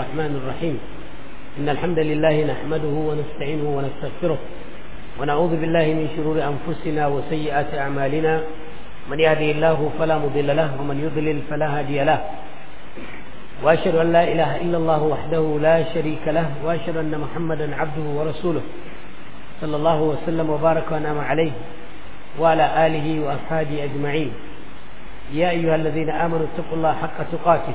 الرحمن الرحيم إن الحمد لله نحمده ونستعينه ونستغفره ونعوذ بالله من شرور أنفسنا وسيئات أعمالنا من يهدي الله فلا مضل له ومن يضلل فلا هادي له وأشهد أن لا إله إلا الله وحده لا شريك له وأشهد أن محمدا عبده ورسوله صلى الله وسلم وبارك ونعم عليه وعلى آله وأصحابه أجمعين يا أيها الذين آمنوا اتقوا الله حق تقاته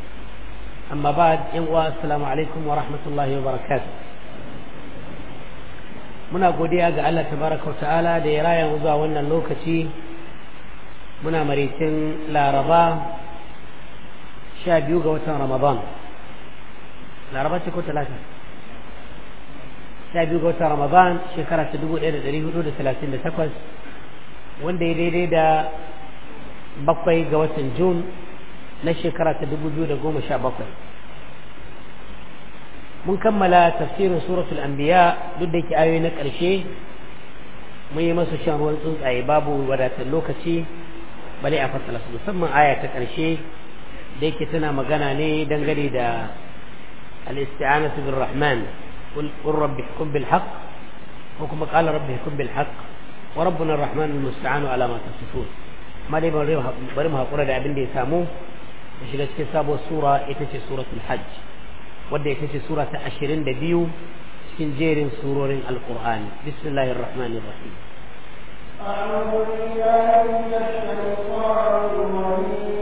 amma ba yan uwa assalamu alaikum wa rahmatullahi wa barakatuh muna godiya ga Allah tabaraka wa ta'ala da ya raya mu zuwa wannan lokaci muna maritin laraba sha biyu ga watan ramadan laraba ce ko talata sha biyu ga watan ramadan shekara ta dubu ɗaya da ɗari hudu da talatin da takwas wanda ya daidai da bakwai ga watan jun na shekara ta dubu biyu da goma sha bakwai mun kammala tafsirin suratul anbiya duk da ke ayoyi na ƙarshe mun yi masu shan ruwan tsuntsaye babu wadatar lokaci bale a fassala su musamman aya ta ƙarshe da yake tana magana ne dangane da al-isti'anatu bir rahman qul rabbi hukum bil haqq ko kuma qala rabbi hukum bil haqq wa rabbuna ar-rahman al-musta'anu ala ma tasifun ma dai bari mu hakura da abin da ya samu mu shiga cikin sabuwar sura ita ce suratul hajj wadda ita ce sura ta ashirin da biyu cikin jerin surorin alkur'ani bismillahir rahmanir rahim أعوذ بالله من الشيطان الرجيم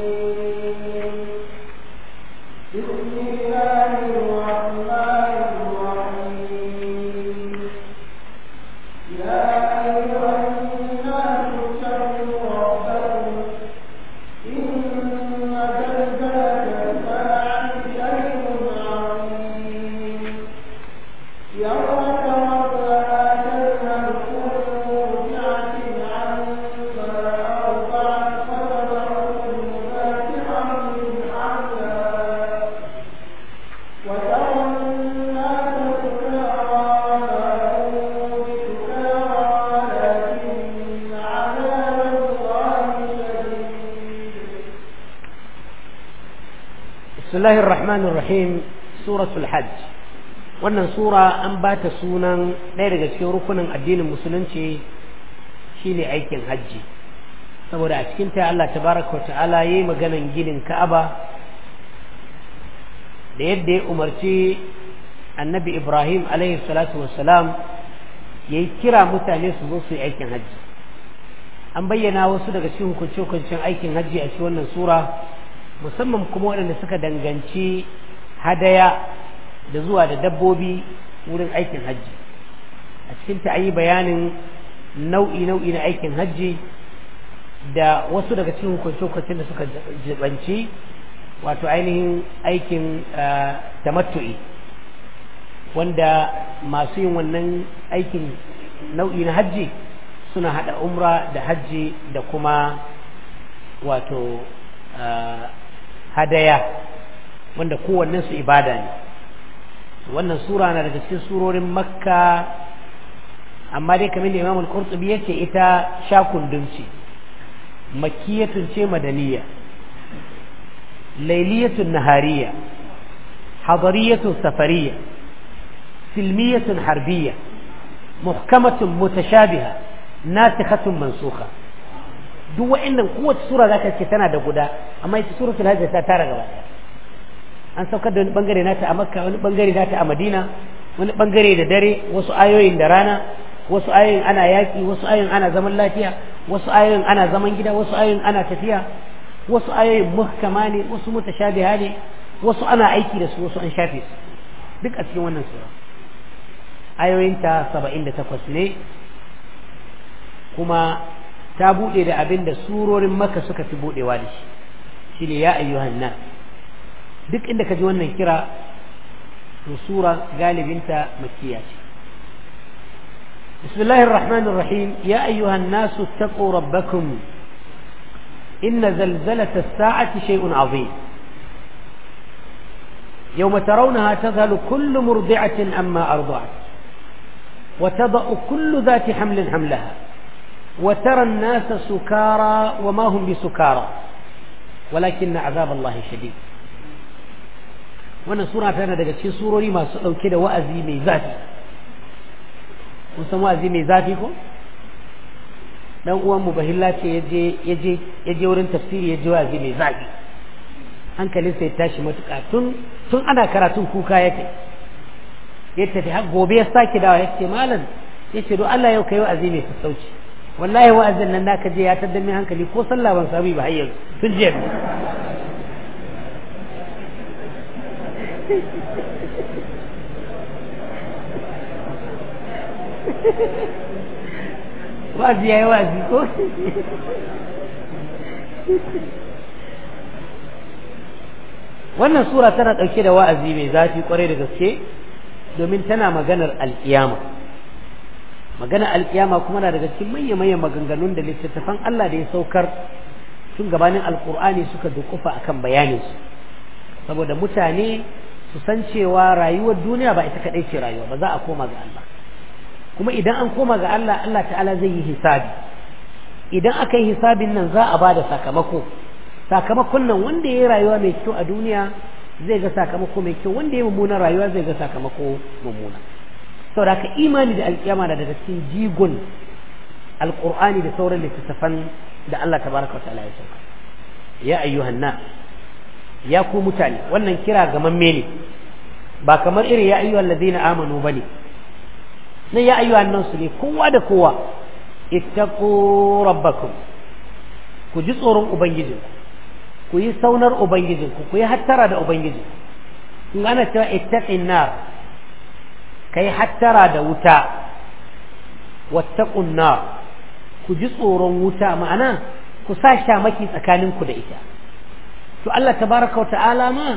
الرحمن الرحيم سورة الحج wannan sura an ba ta sunan ɗaya daga cikin rukunin addinin musulunci shine aikin hajji saboda a cikin ta Allah tabaraka wa ta'ala yi maganan ginin Ka'aba da yadda ya umarci annabi Ibrahim alaihi salatu wassalam yayi kira mutane su zo su yi aikin hajji an bayyana wasu daga cikin hukunce-hukuncen aikin hajji a cikin wannan sura musamman kuma waɗanda suka danganci hadaya da zuwa da dabbobi wurin aikin hajji a cikin ta yi bayanin nau'i nau'i na aikin hajji da wasu daga cikin hukunce-hukuncen da suka jibanci wato ainihin aikin tamattu'i wanda masu yin wannan aikin nau'i na hajji suna hada umra da hajji da kuma wato hadaya wanda su ibada ne wannan sura na daga cikin surorin makka amma dai kamar da imamul qurtubi yake ita shakundun ce makiyatun ce madaniya lailiyatun nahariya hadariyatun safariya silmiyatun harbiya muhkamatun mutashabiha nasikhatun mansukha duk wa'annan kowace sura zaka ce tana da guda amma ita suratul hajj ta tara gaba daya an saukar da wani bangare nata a makka wani bangare nata a madina wani bangare da dare wasu ayoyin da rana wasu ayoyin ana yaki wasu ayoyin ana zaman lafiya wasu ayoyin ana zaman gida wasu ayoyin ana tafiya wasu ayoyin muhkama ne wasu mutashabiha ne wasu ana aiki da su wasu an shafe su duk a cikin wannan sura ayoyinta saba'in da takwas ne kuma ta buɗe da abin da surorin maka suka fi buɗewa da shi shine ya ayyuhan nas duk inda ka ji wannan kira to sura galibinta makkiya ce بسم الله الرحمن الرحيم يا أيها الناس اتقوا ربكم إن زلزلة الساعة شيء عظيم يوم ترونها تذهل كل مرضعة أما أرضعت وتضأ كل ذات حمل حملها وترى الناس سكارى وما هم بسكارى walakin na azab Allah shadid wannan sura tana daga cikin surori masu ɗauke da wa'azi mai zafi kun san wa'azi mai zafi ko dan uwan mu bahilla ce yaje yaje yaje wurin tafsiri yaje wa'azi mai zafi hankalin sai tashi matuƙa tun tun ana karatun kuka yake ya tafi har gobe ya sake dawa ya ce malam ya ce don Allah yau kai wa'azi mai sassauci wallahi wa'azin nan naka je ya tadda min hankali ko sallah ban sami ba tun jiya wa'azi yayi wa'azi ko wannan sura tana ɗauke da wa'azi mai zafi kwarai da gaske domin tana maganar alkiyama magana alkiyama kuma na daga cikin manya manyan maganganun da littattafan Allah da ya saukar tun gabanin alkur'ani suka dukufa akan bayanin saboda mutane su san cewa rayuwar duniya ba ita kadai ce rayuwa ba za a koma ga Allah kuma idan an koma ga Allah Allah ta'ala zai yi hisabi idan aka yi hisabin nan za a ba da sakamako sakamakon nan wanda ya yi rayuwa mai kyau a duniya zai ga sakamako mai kyau wanda ya mummuna rayuwa zai ga sakamako mummuna saboda imani da alkiyama da daga cikin jigon alkur'ani da sauran littattafan da Allah ta wa ta'ala ya sauka ya ayyuhan nas ya ku mutane wannan kira ga mamme ne ba kamar irin ya ayyuhan ladina amanu bane na ya ayyuhan nas ne kowa da kowa ittaqu rabbakum ku ji tsoron ubangijinku ku yi saunar ubangijinku ku yi hattara da ubangijinku in ana cewa ittaqin nar kai hattara da wuta wattaqun nar ku ji tsoron wuta ma'ana ku sa shamaki tsakaninku da ita to Allah tabaraka ta'ala ma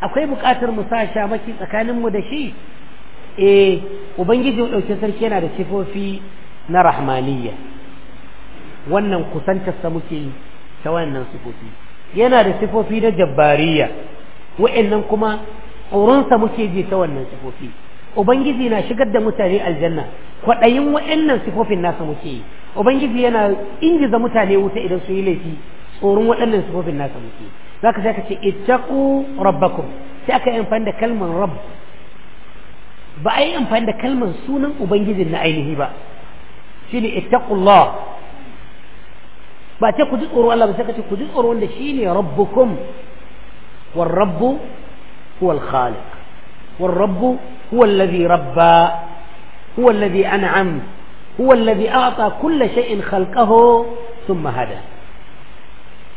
akwai buƙatar mu sa shamaki tsakaninmu da shi eh ubangiji mu dauke sarki yana da sifofi na rahmaniyya wannan kusantarsa muke ta wannan sifofi yana da sifofi na jabbariya wa'annan kuma tsoronsa muke ji ta wannan sifofi ubangiji na shigar da mutane aljanna kwaɗayin waɗannan sifofin nasa muke yi ubangiji yana ingiza mutane wuta idan su yi laifi tsoron waɗannan sifofin nasa muke za ka ka ce ittaqu rabbakum sai aka yi amfani da kalmar rabb ba a yi amfani da kalmar sunan ubangijin na ainihi ba shine ittaqullah ba ce ku ji tsoro Allah ba sai ka ce ku ji tsoro wanda shine rabbukum war rabbu huwa al khaliq war rabbu هو الذي ربى هو الذي أنعم هو الذي أعطى كل شيء خلقه ثم هدى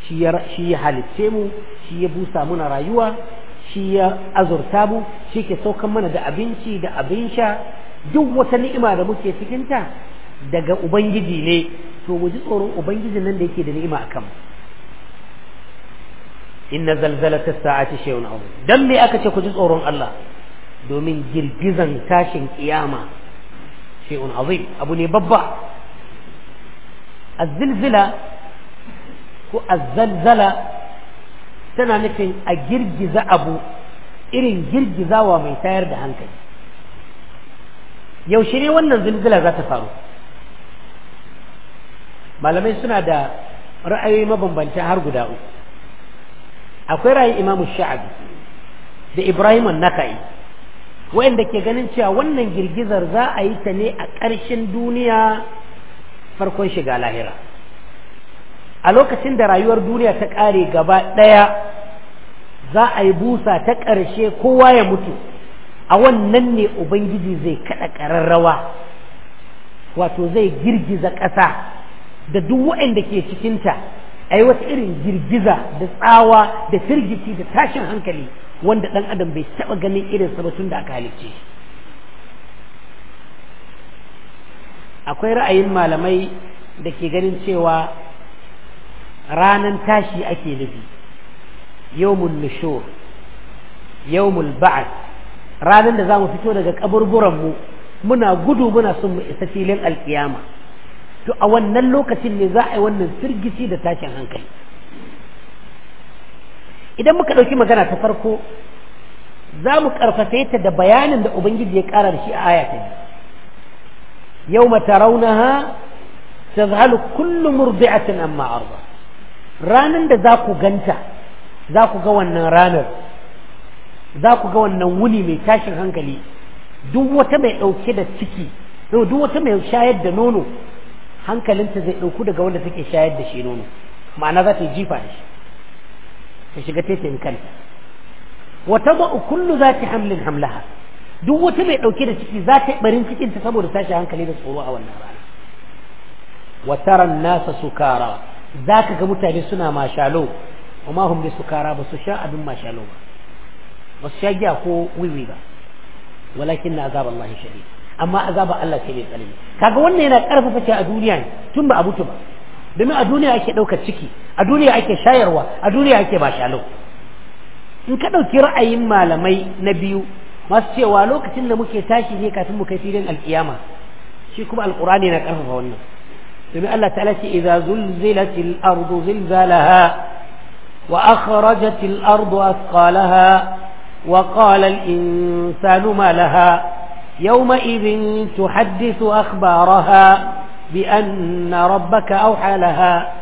shi ya halitce mu shi ya busa mana rayuwa shi ya azurta mu shi ke saukan mana da abinci da abin sha duk wata ni'ima da muke cikinta daga ubangiji ne to mu tsoron ubangijin nan da yake da ni'ima akan mu inna zalzalata sa'ati shay'un azim dan me aka ce ku ji tsoron Allah domin girgizan tashin kiyama shi'un azim abu ne babba azzilzila ko azzalzala tana nufin a girgiza abu irin girgizawa mai tayar da hankali yaushe ne wannan zilzila za ta faru malamai suna da ra'ayoyi mabambanta har guda uku akwai ra'ayin imamu sha'abi da ibrahim nakai wayanda ke ganin cewa wannan girgizar za a yi ta ne a ƙarshen duniya farkon shiga lahira a lokacin da rayuwar duniya ta ƙare gaba ɗaya za a yi busa ta ƙarshe kowa ya mutu a wannan ne ubangiji zai kaɗa ƙararrawa wato zai girgiza ƙasa da duk waɗanda ke cikinta a yi wata irin girgiza da tsawa da firgici da tashin hankali wanda dan adam bai taba ganin irin sa ba tun da aka halicce akwai ra'ayin malamai da ke ganin cewa ranan tashi ake nufi yawmun nushur yawmul ba'ath ranan da zamu fito daga kaburburan mu muna gudu muna son mu isa filin alkiyama to a wannan lokacin ne za a yi wannan firgici da tashin hankali idan muka ɗauki magana ta farko za mu ƙarfafe ta da bayanin da ubangiji ya ƙara da shi a aya ta yau mata raunaha ta zahalu kullum murbi'atin amma arba ranar da za ku ganta za ku ga wannan ranar za ku ga wannan wuni mai tashin hankali duk wata mai ɗauke da ciki duk wata mai shayar da nono hankalinta zai ɗauku daga wanda take shayar da shi nono ma'ana za ta yi jifa da shi ka shiga teshin kanta wata tada'u kullu zati hamlin hamlaha duk wata mai dauke da ciki za ta barin cikin ta saboda tashi hankali da tsoro a wannan rana wa tara nasa sukara ka ga mutane suna mashalo amma hum bi sukara ba su sha abin mashalo ba ba su sha giya ko wiwi ba walakin na azab Allah shadid amma azaba Allah sai mai tsanani kaga wannan yana karfafa ce a duniya tun ba a mutu ba domin a duniya ake daukar ciki a duniya ake shayarwa a duniya ake ba shalo in ka dauki ra'ayin malamai na biyu masu cewa lokacin da muke tashi ne kafin mu kai filin alkiyama shi kuma alqur'ani na karfafa wannan domin Allah ta'ala ce idza zulzilatil ardu zilzalaha wa akhrajatil ardu asqalaha wa qala al insanu ma laha yawma idhin tuhaddithu akhbaraha بأن ربك أوحى لها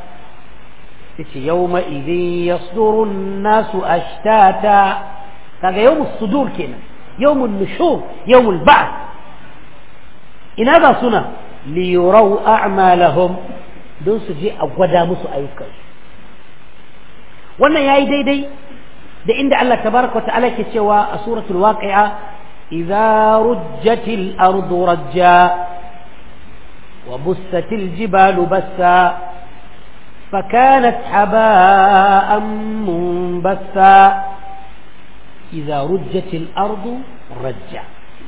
يومئذ يصدر الناس أشتاتا هذا يوم الصدور كنا يوم النشور يوم البعث إن هذا صنع ليروا أعمالهم دون سجي أودا مسو أيكي wannan يا ايدي دي inda Allah tabaraka تبارك وتعالى cewa a suratul waqi'a idza rujjatil ardu وبست الجبال بسا فكانت حباء منبسا إذا رجت الأرض رجا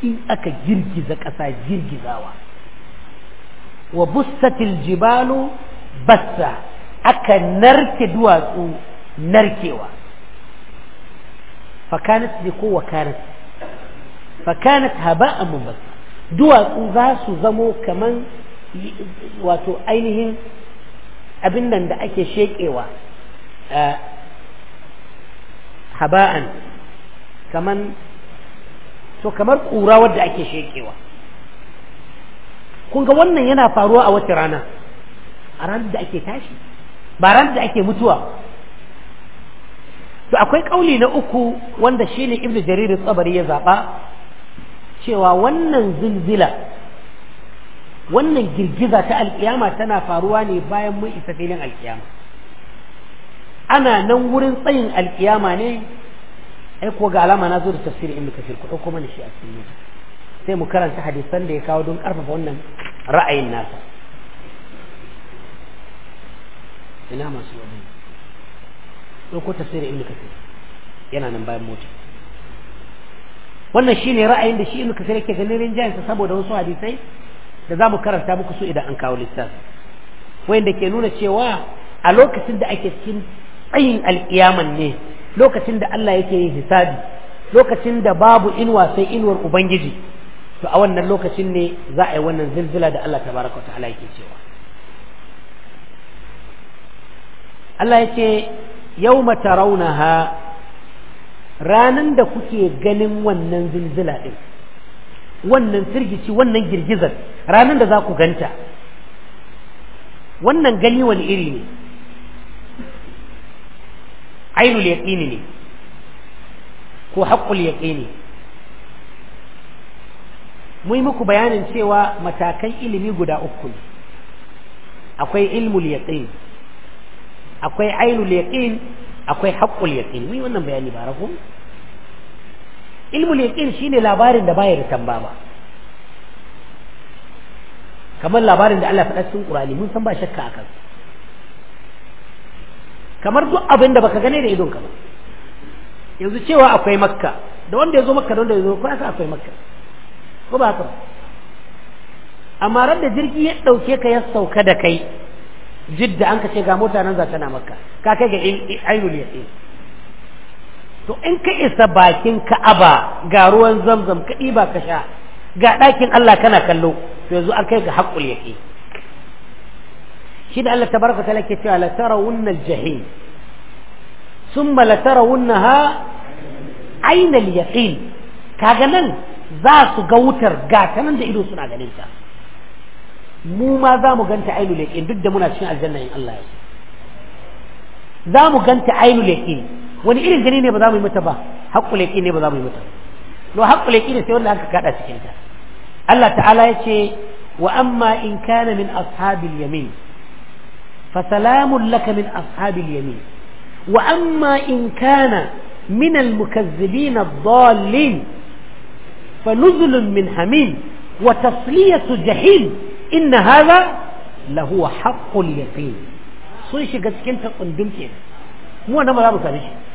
إن أكا جرجز كسا جرجزا وبست الجبال بسا أكا نرك دواسو نركوا فكانت لقوة كانت فكانت هباء منبسا دواسو ذاسو زمو كمان wato ainihin abin nan da ake shekewa haba'an kaman to kamar kura wadda ake shekewa kun ga wannan yana faruwa a wata rana a ranar da ake tashi ba ranar da ake mutuwa to akwai kauli na uku wanda shine ibnu jarir tsabari ya zaba cewa wannan zilzila wannan girgiza ta alkiyama tana faruwa ne bayan mun isa filin alkiyama ana nan wurin tsayin alkiyama ne ai ko ga alama na zo da tafsirin ibnu kafir ku dauko mana shi a cikin sai mu karanta hadisan da ya kawo don karfafa wannan ra'ayin nasa ina masu wani dauko tafsirin ibnu kafir yana nan bayan mota wannan shine ra'ayin da shi ibnu kafir yake ganin rinjayensa saboda wasu hadisai da za mu karanta muku su idan an kawo lissafi wanda ke nuna cewa a lokacin da ake cikin tsayin alkiyaman ne lokacin da Allah yake yin hisabi lokacin da babu inuwa sai inuwar ubangiji to a wannan lokacin ne za a yi wannan zilzila da Allah tabaraka ta'ala yake cewa Allah yake yawma tarawnaha ranan da kuke ganin wannan zilzila din wannan firgici wannan girgizar ranar da za ku ganta wannan gani wani iri ne ainul yaqini ne ko haqqul yaqini mu yi muku bayanin cewa matakan ilimi guda uku ne akwai ilmul yaqin akwai ainul yaqin akwai haqqul yaqin mu yi wannan bayani ba rahu ilmul yaqin shine labarin da baya da tambaba kamar labarin da Allah faɗa cikin Qur'ani mun san ba shakka akan kamar duk abin da baka gane da idon ka ba yanzu cewa akwai makka da wanda ya zo makka da wanda ya zo ko aka akwai makka ko ba haka amma ran da jirgi ya dauke ka ya sauka da kai jidda an ka ce ga mota nan za ta na makka ka kai ga ainul yaqin to in ka isa bakin ka'aba ga ruwan zamzam ka ɗiba ka sha ga ɗakin Allah kana kallo to yanzu an kai ga haƙul yaƙi shi da Allah tabaraka ta lake cewa la tarawunna al-jahim thumma la ha aina al kaga nan za su ga wutar ga ta nan da ido suna ganin ta mu ma za mu ganta ainul yaqin duk da muna cikin aljanna in Allah ya za mu ganta ainul yaqin wani irin gani ne ba za mu yi mata ba haƙƙul yaqin ne ba za mu yi mata no haƙƙul ne sai wanda aka kada cikin ta Allah ta'ala ya ce wa amma in kana min ashabil yamin fa salamun laka min ashabil yamin wa amma in kana min al mukazzibin ad-dallin fa nuzulun min hamim wa tasliyatu jahim inna hadha lahu haqqul yaqin sun shiga cikin ta tsundum kenan mu wannan ba za mu same shi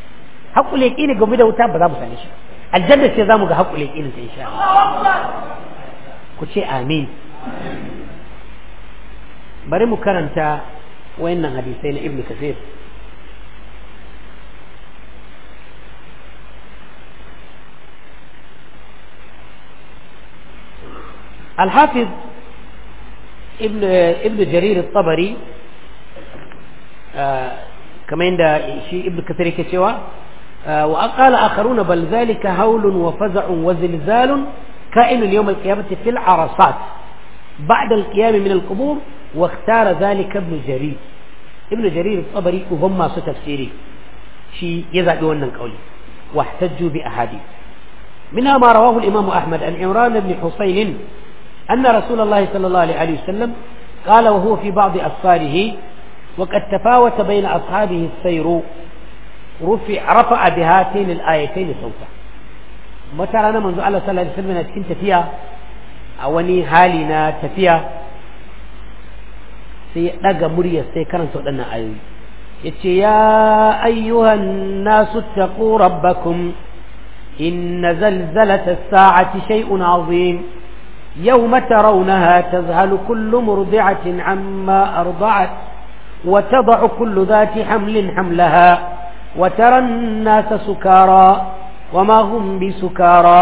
haƙul yaqini game da wuta ba za mu same shi aljanna ce za mu ga haƙul yaqini ta insha Allah ku ce amin bari mu karanta wayannan hadisai na ibnu kasir الحافظ ابن ابن جرير الطبري آه كما عند شيء ابن كثير كتشوا آه، وقال آخرون بل ذلك هول وفزع وزلزال كائن يوم القيامة في العرصات بعد القيام من القبور واختار ذلك ابن جرير ابن جرير الطبري وهم ما تفسيري شي يزعدون من قولي واحتجوا بأحاديث منها ما رواه الإمام أحمد عن عمران بن حسين أن رسول الله صلى الله عليه وسلم قال وهو في بعض أصفاره وقد تفاوت بين أصحابه السير رفع رفع بهاتين الآيتين صوتا ترى أنا منذ الله صلى الله عليه وسلم cikin tafiya a wani hali na tafiya sai ya daga muryar sai karanta waɗannan ayoyi yace ya ayyuhan إن زلزلة الساعة شيء عظيم يوم ترونها تذهل كل مرضعة عما أرضعت وتضع كل ذات حمل حملها وترى الناس سكارى وما هم بسكارى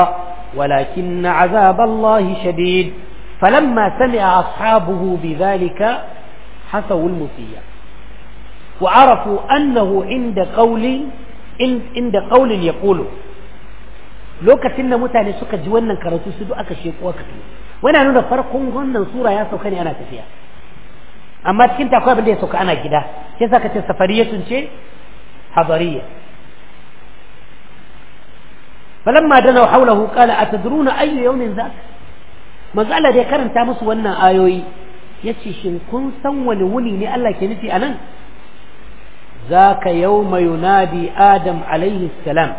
ولكن عذاب الله شديد فلما سمع أصحابه بذلك حسوا المسيح وعرفوا أنه عند قول عند قول يقول لو كتن متى سكا جوانا كرسو سدو أكشيك وكتن وانا نونا فرق هنا سورة يا سوكاني أنا تفيا أما تكنت أقوى بلدي سوكا أنا كده كيف السفرية تنشي حضرية فلما دنوا حوله قال أتدرون أي يوم ذاك مزالة دي كرن تامس وانا آيوي يتشي شنكون سوان ونيني ألا كنتي أنا ذاك يوم ينادي آدم عليه السلام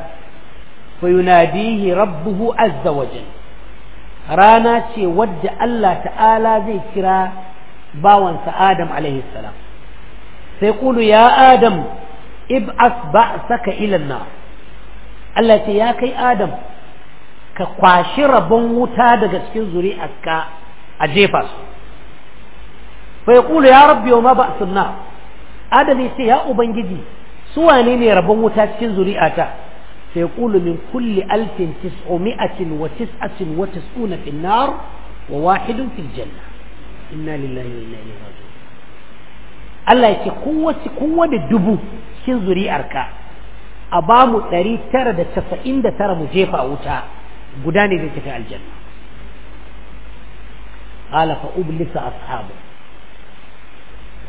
فيناديه ربه عز وجل رانا شي ود الله تعالى زي كرا باوانس آدم عليه السلام فيقول يا آدم ib'as saka ilan na Allah ce ya kai Adam ka kwashi rabon wuta daga cikin zuri'arka a jefa su fa yaqulu ya rabbi wa ma ba'sun nar Adam ya ce ya ubangiji su wane ne rabon wuta cikin zuri'ata fa yaqulu min kulli alfin tis'umi'atin wa tis'atin wa tis'una fin nar wa wahidun fil janna inna lillahi wa inna ilaihi raji'un Allah ya ce kowace kowane dubu cikin zuri'arka a ba mu ɗari tara da casa'in da tara mu jefa a wuta guda ne zai tafi aljanna ala fa ublisa ashabu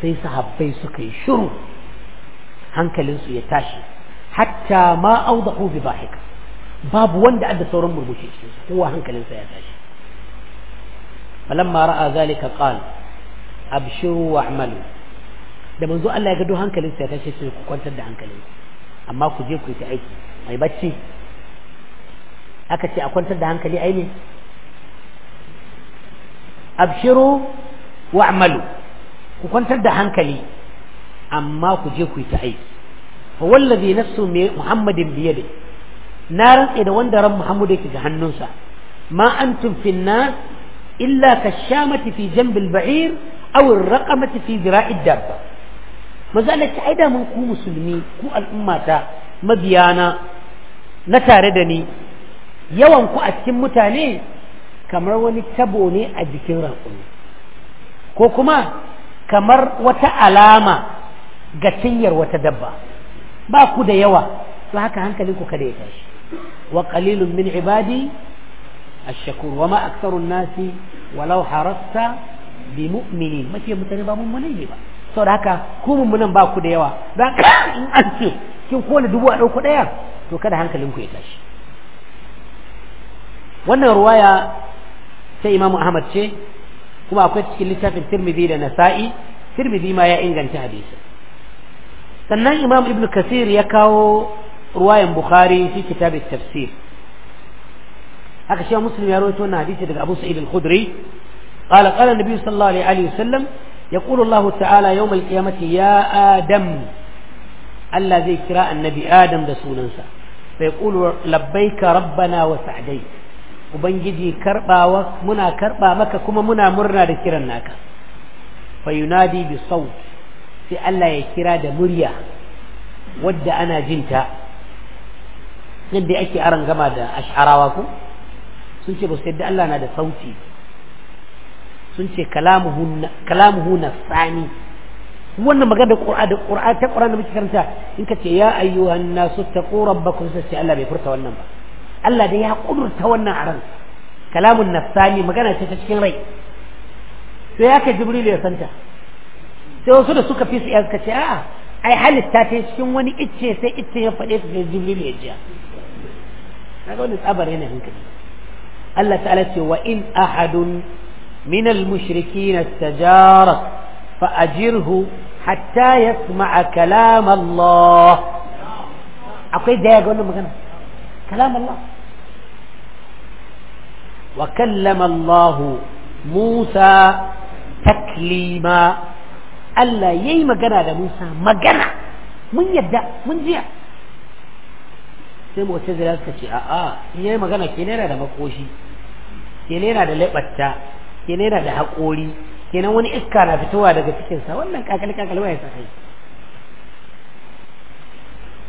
sai sahabbai suka yi shiru hankalinsu ya tashi hatta ma audahu bi bahika babu wanda adda sauran murmushi cikin su kowa hankalinsa ya tashi falamma ra'a zalika qala abshiru wa'malu da manzo Allah ya ga gado hankalinsa ya tashi sai ku kwantar da hankalin amma ku je ku yi ta aiki mai bacci aka ce a kwantar da hankali ai ne abshiru wa'malu ku kwantar da hankali amma ku je ku yi ta aiki fa wallazi nafsu muhammadin biyade na rantse da wanda ran muhammadu yake ga hannunsa ma antum fin nas illa kashamati fi janbil ba'ir aw ar-raqamati fi zira'id dabba manzo Allah ce ai da mun ku musulmi ku al'ummata mabiyana na tare da ni yawan ku a cikin mutane kamar wani tabo ne a jikin raƙumi ko kuma kamar wata alama ga cinyar wata dabba ba ku da yawa to haka hankalin ku kada ya tashi wa qalilun min ibadi ash-shakur wa ma aktharun nasi walau harasta bi mu'minin mace mutane ba mun ne ba da haka ku mummunan ba ku da yawa don in an ce kin kone dubu a ɗauko ɗaya to kada ku ya tashi wannan ruwaya ta imamu ahmad ce kuma akwai cikin littafin tirmidhi da nasa'i tirmidhi ma ya inganta hadisi sannan imam ibnu kasir ya kawo ruwayan bukhari shi kitab tafsir haka shi muslim ya rawaito na hadisi daga abu sa'id al-khudri قال قال النبي صلى الله عليه يقول الله تعالى يوم القيامة يا آدم ألا زي كراء النبي آدم رسولا فيقول لبيك ربنا وسعديك وبنجي كربا منا كربا مكة كما منا مرنا ذكرا ناكا فينادي بصوت في ألا يكرا مريا ود أنا جنتا yadda ake aran gama da ash'arawa ko sun ce ba su yadda Allah na da sauti sun ce kalamuhu na tsani wannan magana da ƙura da ƙura ta ƙura da muke karanta in ka ce ya ayyuhan nasu taqu ba ku ce Allah bai furta wannan ba Allah da ya kudurta wannan a ransa kalamun nafsani magana ce ta cikin rai sai ya kai jibril ya santa sai wasu da suka fi su ka ce a'a ai halitta ta cikin wani icce sai icce ya faɗe su sai jibril ya jiya Na ga wani tsabar yana hankali Allah ta'ala ce wa in ahadun من المشركين استجارك فأجره حتى يسمع كلام الله أقول ده يقول له مغنى كلام الله وكلم الله موسى تكليما ألا يي مغنى ده موسى مغنى من يبدأ من جيع sai mace zira suka ce a'a in yayi magana ke yana da makoshi ke yana da labarta kenan yana da haƙori kenan wani iska na fitowa daga cikinsa wannan kakali kakali waye sa kai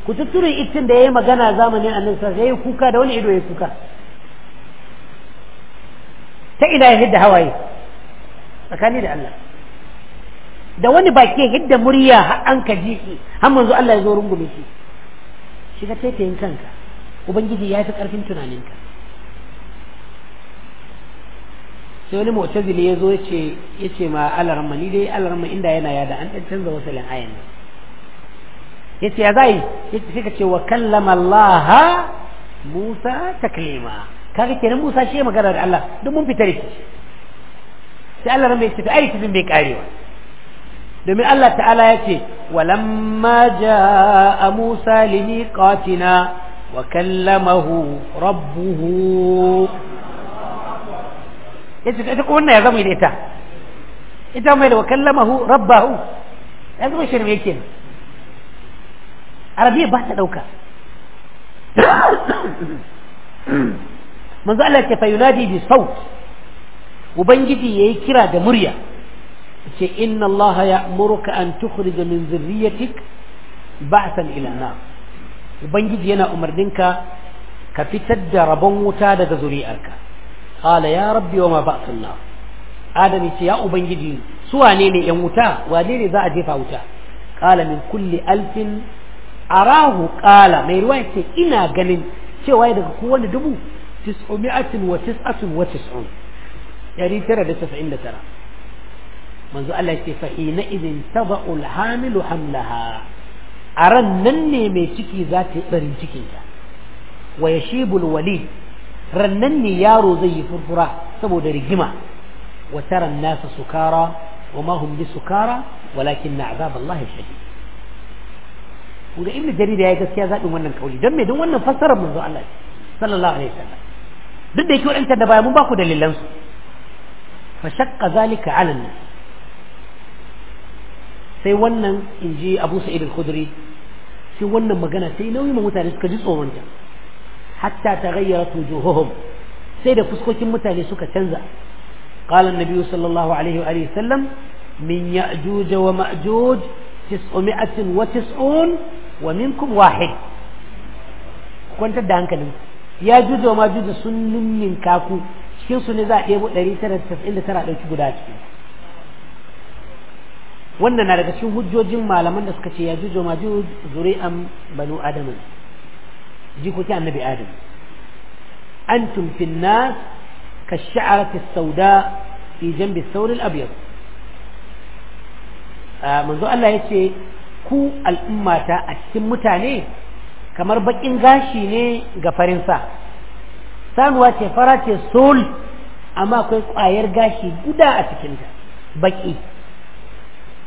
kututturin ittin da ya yi magana zamanin annabi sa ya yi kuka da wani ido ya kuka ta ina ya hidda hawaye tsakani da Allah da wani baki ya hidda murya har an ka ji shi har manzo Allah ya zo rungume shi shiga taitayin kanka ubangiji ya fi karfin tunaninka sai wani mu'tazili ya zo yace yace ma alarma ni dai alarma inda yana yada an dan canza wasu wasalin ayan yace ya zai yace sai ka ce wa kallama Allah Musa taklima kaga kenan Musa shi magana da Allah duk mun fitar shi sai Allah ran bai tafi ai tafin bai karewa domin Allah ta'ala ya ce walamma ja'a Musa limiqatina wa kallamahu rabbuhu yace ita kuma wannan ya zama da ita ita mai da rabba hu ya zama shirme yake arabiya ba ta ɗauka. manzo Allah ce fa yunadi bi saut ubangiji yayi kira da murya ce inna Allah ya'muruka an tukhrija min zurriyatik ba'san ila nar ubangiji yana umarninka ka fitar da rabon wuta daga zuri'arka qala ya rabbi wa ma ba'athun nar adam yace ya ubangiji su wane ne yan wuta wane ne za a jefa wuta qala min kulli alfin arahu qala mai ruwa yace ina ganin cewa daga kowane dubu 999 dari tara da tasa'in da tara manzo Allah ce fa ina idin taba'ul hamlaha Aran nan ne mai ciki zata yi barin cikinta wa yashibul walid rannan ne yaro zai yi furfura saboda rigima wa tara nasa sukara wa ma hum bi sukara walakin na azab Allah shadid kuga ibnu jarir yayi gaskiya zaɓin wannan kauli dan me don wannan fassarar manzo Allah sallallahu alaihi wasallam duk da yake wadanta da baya mun ba ku dalilan su fa shaqqa zalika ala nas sai wannan inji Abu Sa'id al-Khudri sai wannan magana sai nauyi mutane suka ji tsoron ta hatta taghayyarat wujuhuhum sai da fuskokin mutane suka canza qala an-nabi sallallahu alaihi wa alihi sallam min ya'juj wa ma'juj 990 wa minkum wahid kwantar da hankalin ya juja wa majuja sun ninnin kaku cikin ne za a ɗebo 999 ɗauki guda cikin wannan na daga cikin hujjojin malaman da suka ce ya juja wa banu adamin جي كتاب النبي آدم أنتم في الناس كالشعرة السوداء في جنب الثور الأبيض آه، منذ الله يقول كو الأمة أتسم متاني كما ربك إنغاشي ني غفرنسا سان واتي فراتي سول أما كوي قاير غاشي قداء تكنت بك إيه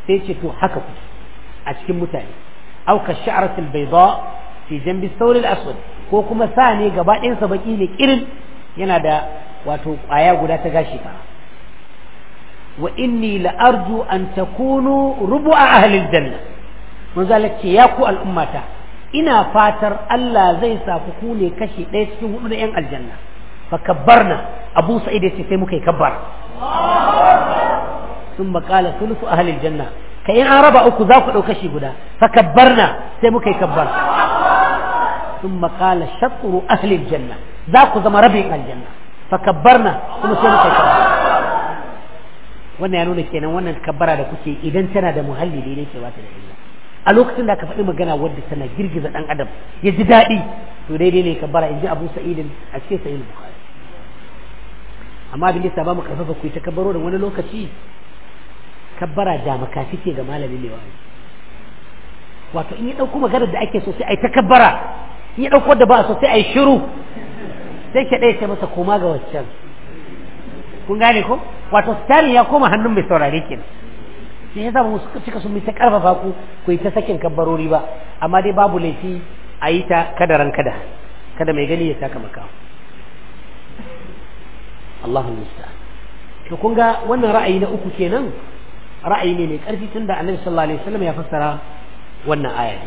سيتي تو حكف أتسم متاني أو كالشعرة البيضاء fi jambi saurin aswad ko kuma sa ne gaba ɗayansa baki ne kirin yana da wato ƙwaya guda ta gashi ka wa inni la'arju an takunu a ahlil janna mun ya ku al'ummata ina fatar Allah zai sa ku ne kashi ɗaya cikin hudu na 'yan aljanna fa kabbarna abu sa'id ya ce sai muka yi kabbar sun makala sulusu ahlil janna ka in an raba uku za ku ɗau kashi guda fa kabbarna sai muka yi kabbar ثم قال شطر أهل الجنة ذاك زما ربي الجنة فكبرنا ثم سيما كبرنا wannan ya nuna kenan wannan kabbara da kuke idan tana da muhalli da yake ba ta da illa a lokacin da ka faɗi magana wadda tana girgiza ɗan adam ya ji daɗi to daidai ne kabbara in ji abu sa'idin a cikin sa'il bukhari amma abin da ba mu karfafa ku ta kabbaro da wani lokaci kabbara da makafi ce ga malamin lewa wato in ya dauko maganar da ake so sai yi ta kabbara ya ɗauko da ba so sai a yi shiru sai ke ɗaya ce masa koma ga waccan kun gane ko wato starin ya koma hannun mai saurare kenan sai ya zama musu cika sun ta karfafa ku ku yi ta sakin kabbarori ba amma dai babu laifi a yi ta kada ran kada kada mai gani ya saka maka Allahu musta to kun ga wannan ra'ayi na uku kenan ra'ayi ne mai karfi tunda Annabi sallallahu alaihi wasallam ya fassara wannan aya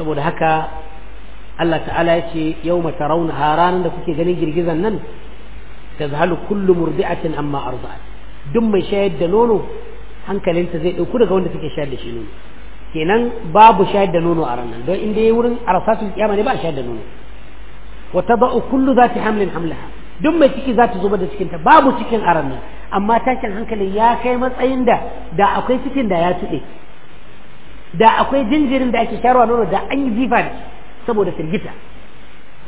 saboda haka Allah ta'ala ya ce yau mata rauna ranar da kuke ganin girgizan nan ta zahalu kullu murdi'atin amma arba'at duk mai shayar da nono hankalinta zai ɗauku daga wanda suke shayar da shi nono kenan babu shayar da nono a ranar don inda ya wurin arafatul kiyama ne ba shayar da nono wa tada'u kullu zati hamlin hamlaha duk mai ciki za ta zubar da cikinta babu cikin a ranar amma tashin hankalin ya kai matsayin da da akwai cikin da ya tuɗe da akwai jinjirin da ake sharwa nono da an yi jifa ne saboda firgita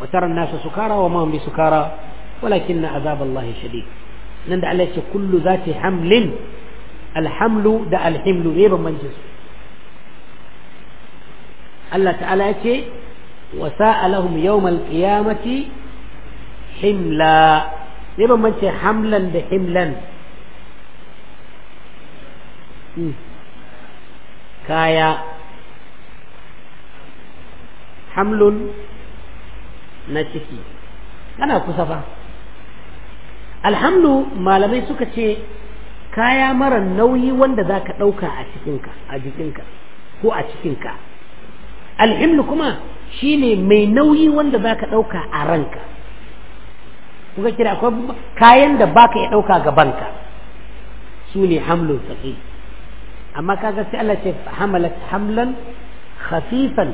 wa taran nasu sukara wa mahum bi sukara walakin na azaballahi shadid nan da Allah ya ce kullu zati hamlin alhamlu da alhimlu ne bambancin su Allah ta'ala ya ce wa sa'alahum yawmal qiyamati himla ne bambancin hamlan da himlan hmm. kaya hamlun na ciki kana kusa ba alhamdu malamai suka ce kaya mara nauyi wanda za ka ɗauka a cikinka a jikinka ko a cikinka alhimlu kuma shine mai nauyi wanda za ka ɗauka a ranka kuka kira akwai kayan da baka ya ɗauka gabanka su ne hamlun saƙi amma kaga sai Allah ce hamalat hamlan khafifan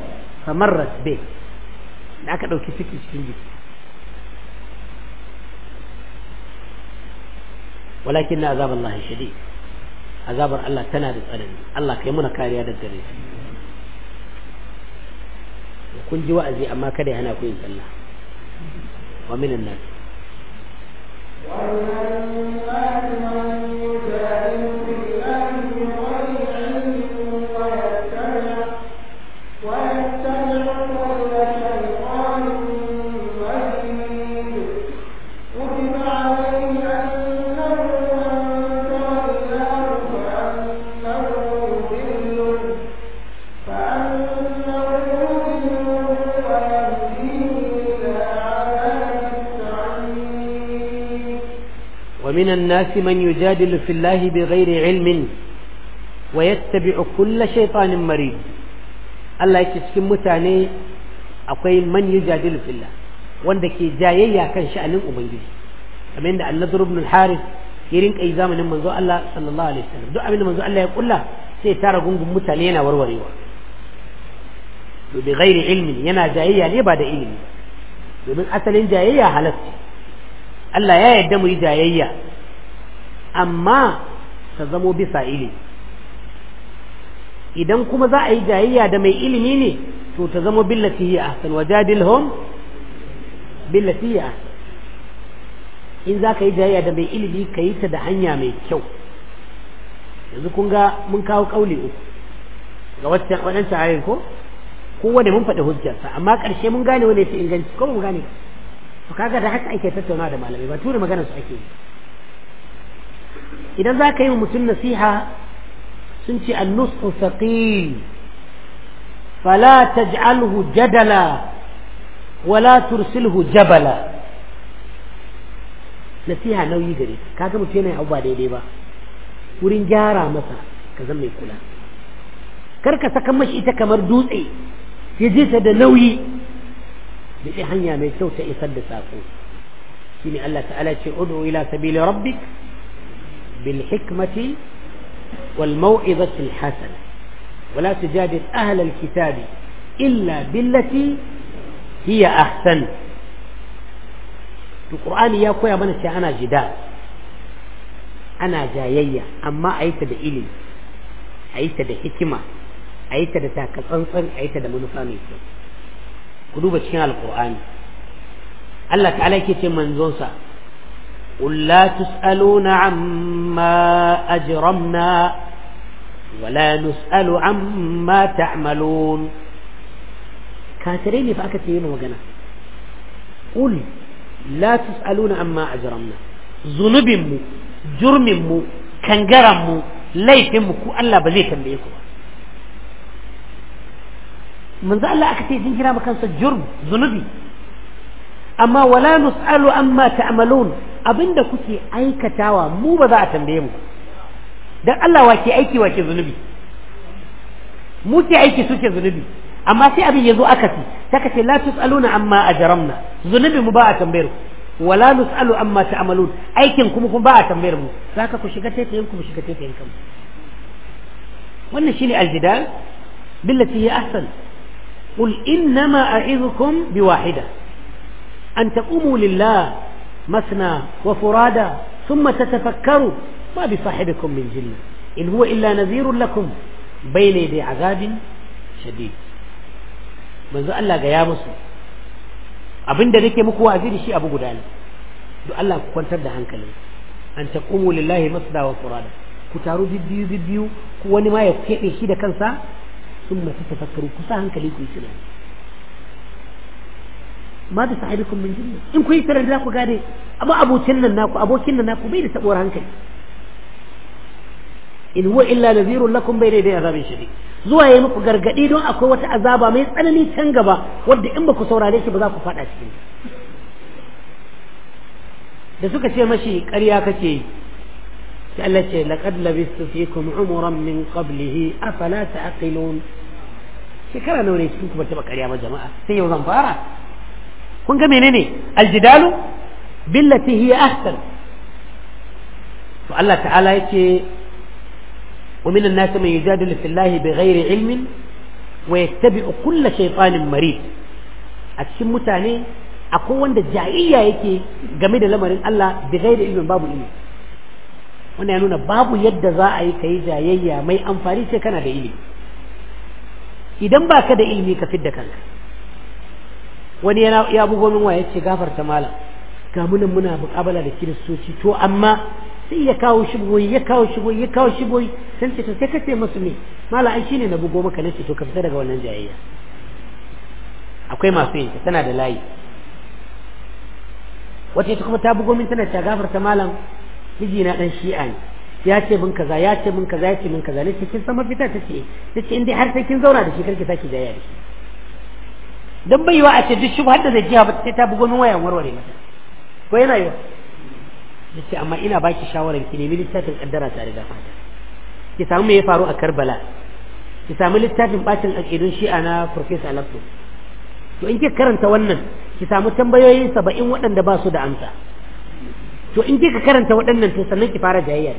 famarrat be da aka dauki ciki cikin jiki walakin azab Allah shadid azabar Allah tana da tsanani Allah kai muna kariya daga gare shi kun ji wa'azi amma kada yana ku yin sallah wa minan nas وَمِنَ النَّاسِ ومن الناس من يجادل في الله بغير علم ويتبع كل شيطان مريد Allah yake cikin mutane akwai man yujadilu fillah wanda ke jayayya kan sha'anin ubangiji kamar yadda an-nadr ibn al-harith ya rinka yi zamanin manzo Allah sallallahu alaihi wasallam duk abin da manzo Allah ya kulla sai tara gungun mutane yana warwarewa to bi ghairi ilmi yana jayayya ne ba da ilimi domin asalin Allah ya yarda muyi jayayya amma ta zamo bisa ilimi idan kuma za a yi jayayya da mai ilimi ne to ta zamo billati hiya ahsan wajadilhum billati ya in za ka yi jayayya da mai ilimi ka yi ta da hanya mai kyau yanzu kun ga mun kawo kauli uku ga waccan waɗancan ayoyin ko kowane mun faɗi hujjarsa amma ƙarshe mun gane wani ya fi inganci ko mun gane to kaga da haka ake tattauna da malamai ba tura magana su ake yi idan za ka yi mutum nasiha sun ce annusu saƙil fala taj'alhu jadala wala tursilhu jabala nasiha nauyi gare ga mutum yana abu ba daidai ba wurin gyara masa ka zan mai kula kar ka saka mashi ita kamar dutse ya je ta da nauyi da hanya mai kyau ta isar da sako shine Allah ta'ala ce ud'u ila sabili rabbik بالحكمة والموعظة الحسنة ولا تجادل أهل الكتاب إلا بالتي هي أحسن القرآن يا كويا من أنا جدال أنا جايية أما أيت بإلي أيت بحكمة أيت بتاك الأنصن أيت بمنفامي قلوب الشيء القرآن الله تعالى كتير منزوسة قل لا تسألون عما أجرمنا ولا نسأل عما تعملون كاترين فأكتين وقنا قل لا تسألون عما أجرمنا مو جرم ذنبهم مو كنجرهم ليفهم كو ألا بذيكم بيكم من ذا الله أكتين جنجرام كان جرم ذنبي أما ولا نسأل عما تعملون Abin da kuke aikatawa mu ba za a tambaye mu dan Allah wake aiki wake zunubi mu ke aiki suke zunubi amma sai abin ya yazo akasi saka ce la tusaluna amma ajramna zunubi mu ba a tambayar ku. wala nusalu amma ta'malun aikin kuma kuma ba a tambayar mu saka ku shiga taitayin ku shiga taitayin kanku wannan shine aljidal billati hi ahsan قل إنما أعظكم بواحدة أن تقوموا لله مثنى وفرادى ثم تتفكروا ما بصاحبكم من جنة إن هو إلا نذير لكم بين يدي عذاب شديد manzo Allah ga ya abinda nake muku wa'azi da shi abu guda ne duk Allah ku kwantar da hankali. an taqumu lillahi masda wa furada ku taru bibbiyu bibbiyu ku wani ma ya kebe shi da kansa sun tafakkaru hankali kuyi tunani ma da sahibikum min jinna in ku yi tarar da ku gane abokin nan naku abokin nan naku bai da sabuwar hankali in huwa illa nadhirun lakum bayna yaday azabin shadid zuwa yayi muku gargadi don akwai wata azaba mai tsanani can gaba wanda in baku saurare shi ba za ku fada cikin da suka ce mashi ƙarya kake yi sai Allah ce laqad labistu fikum umuran min qablihi afala ta'qilun shekara nawa ne cikin ku ba ƙarya ba jama'a sai yau zan fara kun ga menene aljidalu billati hiya ahsan to Allah ta'ala yake wa minan nas man yujadilu fillahi bighairi ilmin wa yattabi'u kulla shaytanin marid a cikin mutane akwai wanda jayayya yake game da lamarin Allah bighairi ilmin babu ilmi wannan ya nuna babu yadda za a yi kai jayayya mai amfani sai kana da ilimi idan baka da ilimi ka fidda kanka wani ya bugo min waya ce gafarta malam ga munan muna muƙabala da kiristoci to amma sai ya kawo shigoyi ya kawo shigoyi ya kawo shigoyi sai ce to sai kace musu me malam ai shine na bugo maka nace to ka fita daga wannan jayayya akwai masu yin ta tana da layi wata ita kuma ta bugo min tana ta gafarta malam miji na dan shi'a ne ya ce min kaza ya ce min kaza ya ce min kaza nace kin san mafita tace eh. nace in inda har sai kin zauna da shi karki saki jayayya da shi Don bai wa a ce duk shubhar da zai jiha ba sai ta bugo min wayan warware mata ko yana yi ce amma ina baki shawarar ki nemi littafin kaddara tare da fata ki samu me ya faru a Karbala ki samu littafin bacin aqidun shi'a na Professor Lapto to in ki karanta wannan ki samu tambayoyi saba'in waɗanda ba su da amsa to in kika karanta waɗannan to sannan ki fara jayayya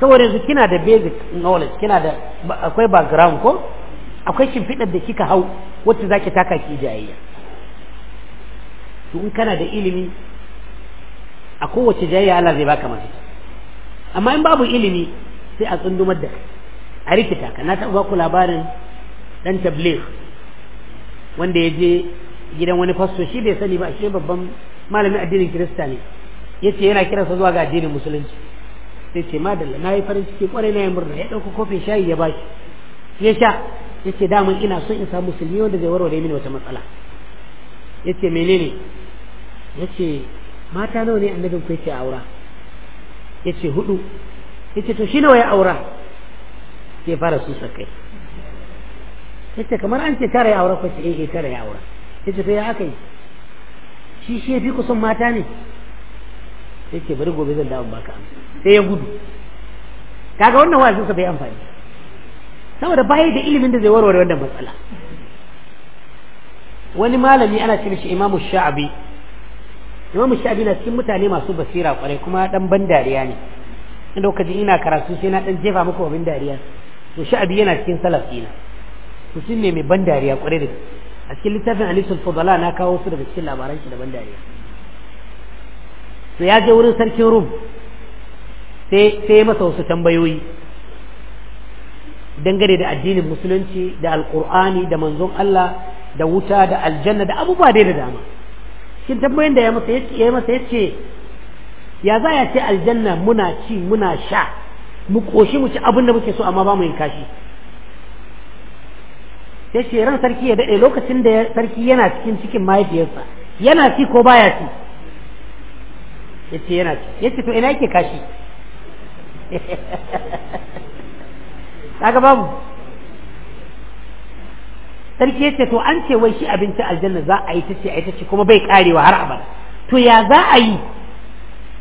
saboda yanzu kina da basic knowledge kina da akwai background ko akwai shimfiɗar da kika hau wacce zaki taka ki jayayya to in kana da ilimi a kowace jayayya Allah zai baka mafita amma in babu ilimi sai a tsundumar da a rikita ka na taɓa baku labarin dan tabligh wanda ya je gidan wani fasto shi bai sani ba shi babban malamin addinin kirista ne yace yana sa zuwa ga addinin musulunci sai ce madalla na yi farin ciki kwarai na yi murna ya ɗauka kofin shayi ya bashi ya sha yace daman ina son in samu musulmi wanda zai warware mini wata matsala yace menene yace mata nawa ne annabin ku yace aura yace hudu yace to shi nawa ya aura sai fara su sakai yace kamar an ce tara ya aura ko eh eh tara ya aura yace to ya akai shi shi fi kusan mata ne yace bari gobe zan dawo baka sai ya gudu kaga wannan wazinsa bai amfani saboda baya da ilimin da zai warware wannan matsala wani malami ana ce mishi imamu sha'abi imamu sha'abi na cikin mutane masu basira kwarai kuma dan ban dariya ne inda kuka ina karatu sai na dan jefa muku abin dariya to sha'abi yana cikin salaf ina mutum ne mai ban dariya kwarai da a cikin littafin alisul fudala na kawo su daga cikin labaran shi da ban dariya to ya je wurin sarkin rum sai sai masa wasu tambayoyi dangane da addinin musulunci da alkur'ani da manzon Allah da wuta da aljanna da abubuwa dai da dama shin tambayin da ya masa ya masa yace ya za ya ce aljanna muna ci muna sha mu koshi mu ci abin da muke so amma ba mu yin kashi Ya ce ran sarki ya daɗe lokacin da sarki yana cikin cikin mahaifiyarsa yana ci ko baya ci yace yana ci yace to ina yake kashi kaga babu sarki ce to an ce wai shi abinci aljanna za a yi ta ce a yi ta ce kuma bai karewa har abada to ya za a yi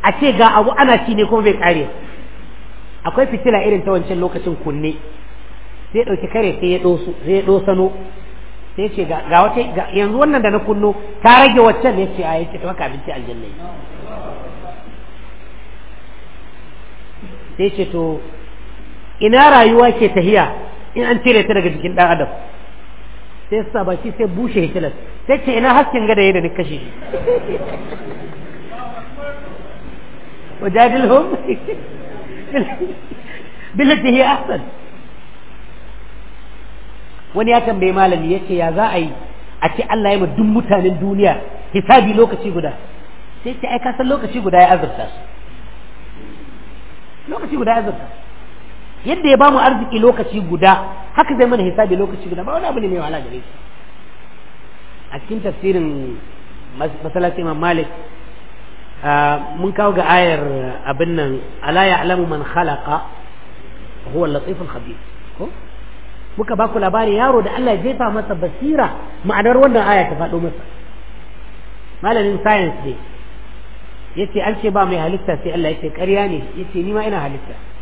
a ce ga abu ana ci ne kuma bai kare akwai fitila irin ta wancan lokacin kunne sai dauki kare sai ya dosu sai ya dosano sai ce ga wata yanzu wannan da na kunno ta rage waccan ya ce a ce ta maka abinci aljanna sai ce to ina rayuwa ke tahiya in an cire ta daga jikin dan adam sai sa baki sai bushe hikilas sai ce ina hasken gada yadda nika shi wajadilhum billati hi ahsan wani ya tambaye malami yace ya za a yi a ce Allah ya duk mutanen duniya hisabi lokaci guda sai ce ai ka san lokaci guda ya azurta lokaci guda ya azurta yadda ya bamu arziki lokaci guda haka zai mana hisabi lokaci guda ba wani abu ne mai wahala gare shi a cikin tafsirin masallaci imam malik mun kawo ga ayar abin nan ala ya'lamu man khalaqa huwa al-latif al-khabir ko muka baku labari yaro da Allah ya jefa masa basira ma'anar wannan aya ta faɗo masa malamin science ne yace an ce ba mai halitta sai Allah yace ƙarya ne yace ni ma ina halitta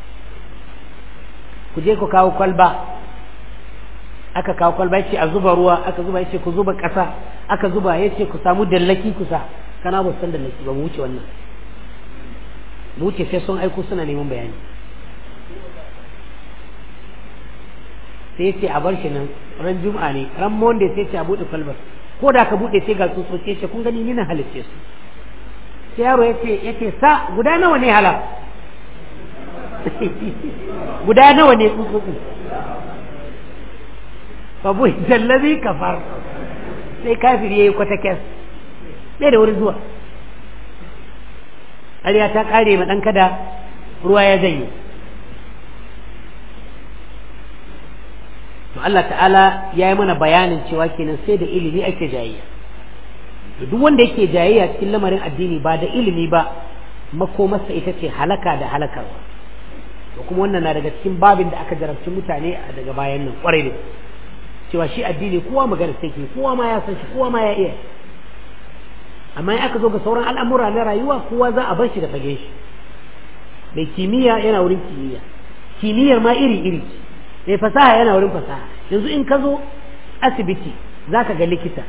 ku je ku kawo kwalba aka kawo kwalba yace a zuba ruwa aka zuba yace ku zuba ƙasa aka zuba yace ku samu dallaki ku sa kana ba san dallaki ba mu wuce wannan mu wuce sai sun aiko suna neman bayani sai yace a bar shi nan ran juma'a ne ran monday sai yace a bude kwalbar ko da ka bude sai ga tsutsotsi shi kun gani ni na halicce su sai yaro yace yace sa guda nawa ne halal guda nawa ne tsutsutsu babu jallabi kafar sai kafir yi kwata kes ɗaya da wuri zuwa ariya ta kare ma dan kada ruwa ya yi. to Allah ta'ala ya yi mana bayanin cewa kenan sai da ilimi ake jayayya to duk wanda yake jayayya cikin lamarin addini ba da ilimi ba makomarsa ita ce halaka da halakarwa to kuma wannan na daga cikin babin da aka jarabci mutane a daga bayan nan kwarai da cewa shi addini kowa magana sai ke kowa ma ya san shi kowa ma ya iya amma in aka zo ga sauran al'amura na rayuwa kowa za a bar shi da fage shi mai kimiyya yana wurin kimiyya kimiyyar ma iri iri mai fasaha yana wurin fasaha yanzu in ka zo asibiti za ka ga likita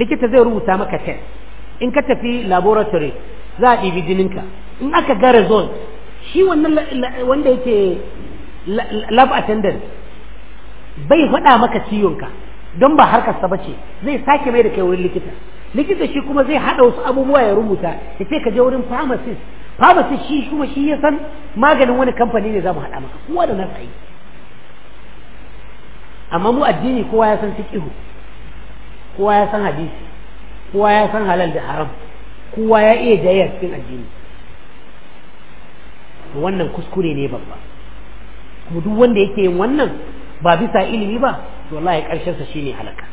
likita zai rubuta maka test in ka tafi laboratory za a ɗibi jininka in aka ga result shi wannan wanda yake lab attendant bai faɗa maka ciwonka don ba harkarsa ba ce zai sake mai da kai wurin likita likita shi kuma zai haɗa wasu abubuwa ya rubuta ya ce ka je wurin pharmacist pharmacist shi kuma shi ya san maganin wani kamfani ne za mu haɗa maka kowa da nasa yi amma mu addini kowa ya san fiqihu kowa ya san hadisi kowa ya san halal da haram kowa ya iya jayya cikin addini wannan kuskure ne babba kuma duk wanda yake yin wannan ba bisa ilimi ba to wallahi karshen sa shine halaka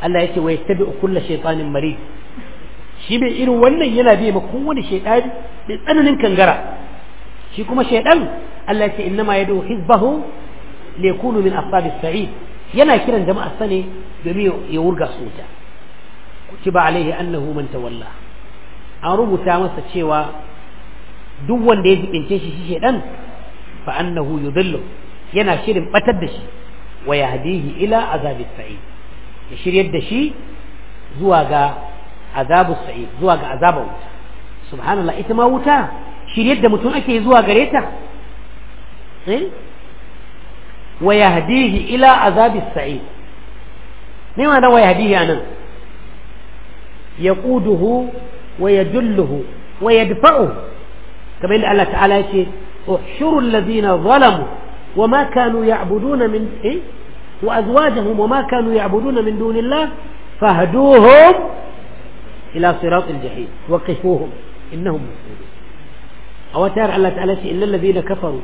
Allah yake wa yastabi'u kullu shaytanin marid shi bai irin wannan yana bi ma kowane shaytani mai tsananin kangara shi kuma shaytan Allah yake innama yadu hizbahu liyakunu min ashabis sa'id yana kiran jama'a sane domin ya wurga su wuta kutiba alaihi annahu man tawalla an rubuta masa cewa duk wanda ya jibince shi shi shedan fa annahu yudhillu yana shirin batar da shi wa yahdihi ila azabis sa'id ya shiryar da shi zuwa ga azabus sa'id zuwa ga azabar wuta subhanallah ita ma wuta shiryar da mutum ake zuwa gare ta eh wa yahdihi ila azabis sa'id me ma da wa yahdihi anan yaquduhu wa yadulluhu wa yadfa'uhu كما ان الله تعالى شيء احشروا الذين ظلموا وما كانوا يعبدون من إيه؟ وأزواجهم وما كانوا يعبدون من دون الله فاهدوهم إلى صراط الجحيم وقفوهم إنهم مسلمون أو تعالى على تعالى إلا الذين كفروا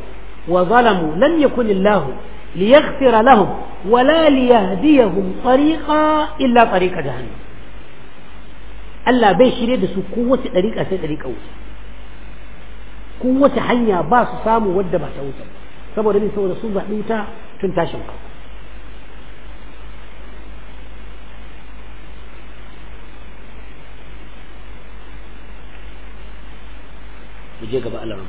وظلموا لم يكن الله ليغفر لهم ولا ليهديهم طريقا إلا طريق جهنم ألا بيشريد سكوة طريقة طريقة وسط kowace hanya ba su samu wadda ba ta wuce saboda ne saboda sun zaɓi wuta tun tashin ka mu je gaba alaran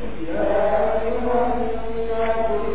يا أيها الناس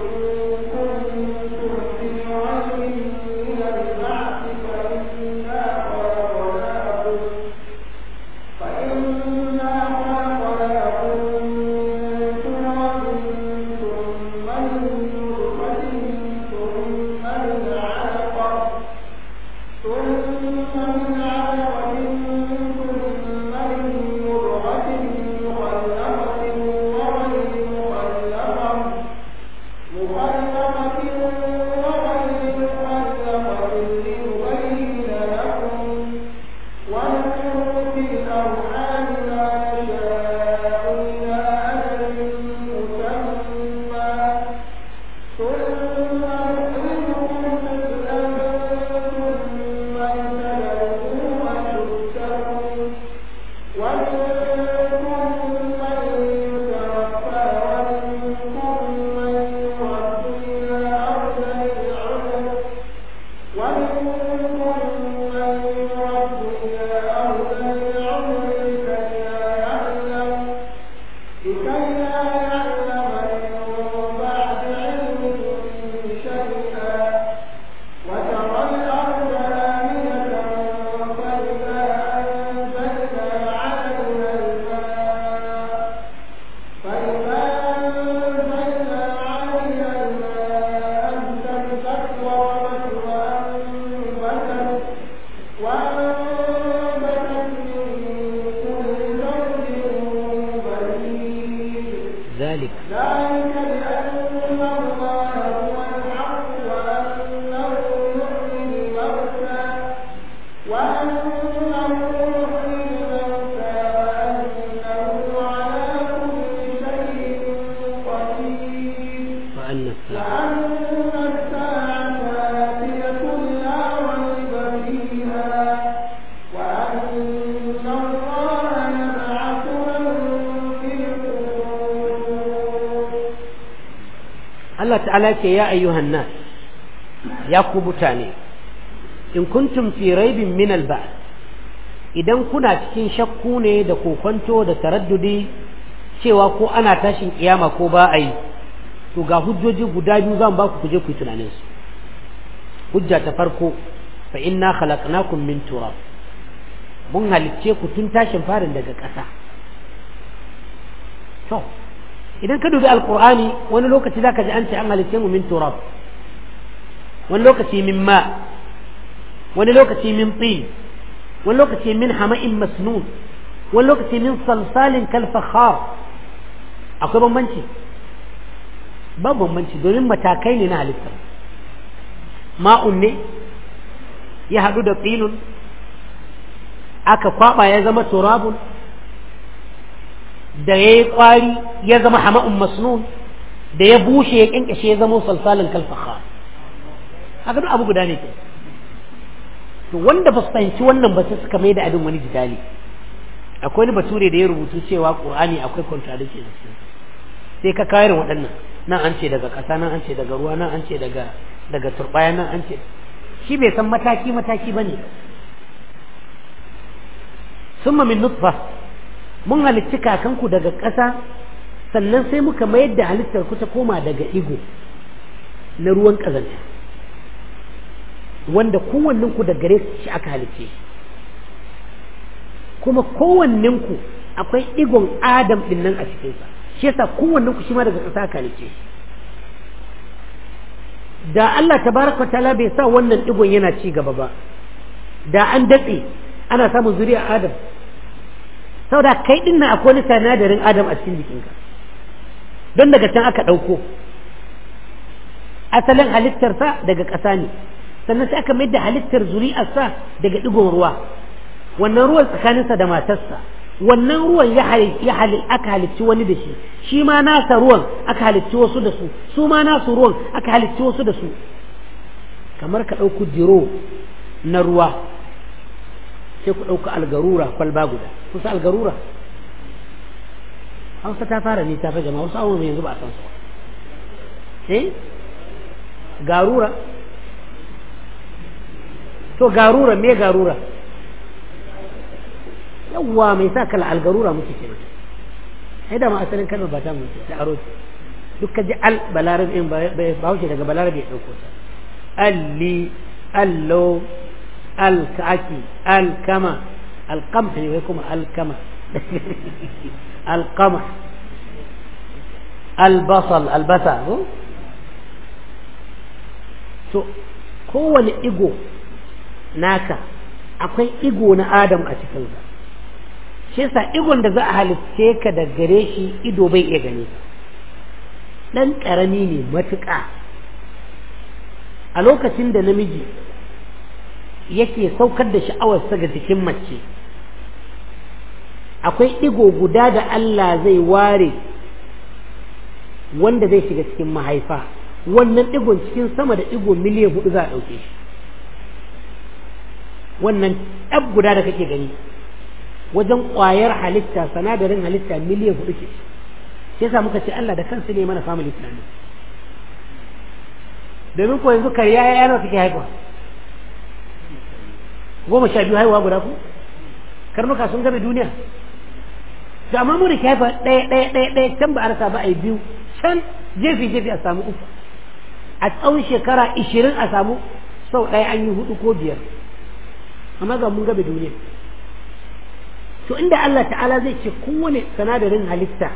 ta'ala ce ya ayyuhan nas ya ku mutane in kuntum fi raibin min ba idan kuna cikin shakku ne da kokonto da taraddudi cewa ko ana tashin kiyama ko ba a yi to ga hujjoji guda biyu zan ba ku je ku tunanin su hujja ta farko fa inna khalaqnakum min turab mun halicce ku tun tashin farin daga ƙasa idan ka dubi alqur'ani wani lokaci zaka ji an ce an halice mu min turab wani lokaci min ma wani lokaci min tin wani lokaci min hama'in masnun wani lokaci min salsalin kal fakhar akwai bambanci ba bambanci domin matakai ne na halitta ma'un ne ya haɗu da tsilun aka kwaba ya zama turabun da ya yi kwari ya zama hama'un masnun da ya bushe ya kyankyashe ya zama salsalin kalfaha haka duk abu guda ne ke to wanda ba su fahimci wannan ba sai suka mai da abin wani jidali akwai wani bature da ya rubutu cewa qur'ani akwai contradiction sai ka kayar waɗannan nan an ce daga ƙasa nan an ce daga ruwa nan an ce daga daga turbaya nan an ce shi bai san mataki mataki bane summa min nutfa mun halicci kakanku daga ƙasa sannan sai muka mayar da halittar ku ta koma daga igo na ruwan ƙazanta wanda kowanninku da gare shi aka halicce kuma kowanninku akwai igon adam din nan a cikinsa shi yasa kowanninku ku shi ma daga ƙasa aka halicce da Allah Ta wa ta'ala bai sa wannan igon yana ci gaba ba da an datse ana samun zuriya adam saboda kai din nan akwai wani sanadarin adam a cikin jikinka don daga can aka ɗauko asalin halittarsa daga ƙasa ne sannan sai aka mai da halittar zuri'arsa daga ɗigon ruwa wannan ruwan tsakaninsa da matarsa wannan ruwan ya aka halicci wani da shi shi ma nasa ruwan aka halicci wasu da su su ma nasu ruwan aka halicci wasu da su kamar ka ɗauku diro na ruwa sai ku ɗauka algarura kwalba guda kusa algarura hausa ta fara nisa fa jama'a wasu abubuwan yanzu ba a san su eh garura to garura me garura yawwa mai sa kala algarura muke kenan sai da ma asalin kalmar ba ta mu da aro duk ka ji al balarabi in ba hauce daga balarabi ya dauko ta alli allo alkaki alkama alkam ne wai kuma alkama alkama albasal albasa ko kowane igo naka akwai igo na adam a cikinsa shi yasa igon da za a halitce ka da gare shi ido bai iya gane ɗan ƙarami ne matuƙa a lokacin da namiji yake saukar da sha'awarsa ga jikin mace akwai ɗigo guda da Allah zai ware wanda zai shiga cikin mahaifa wannan ɗigon cikin sama da ɗigo miliyan hudu za a ɗauke shi wannan ɗab guda da kake gani wajen ƙwayar halitta sanadarin halitta miliyan hudu ke shi yasa muka ce Allah da kansu ne mana family planning domin ko yanzu kariya ya yana kake haifa goma sha biyu haihuwa guda ku karnuka sun game duniya da amma mu da ke haifa ɗaya ɗaya ɗaya ɗaya can ba a rasa ba a yi biyu can jefi jefi a samu uku a tsawon shekara ishirin a samu sau ɗaya an yi hudu ko biyar amma ga mun gabe duniya to inda Allah ta'ala zai ce kowane sanadarin halitta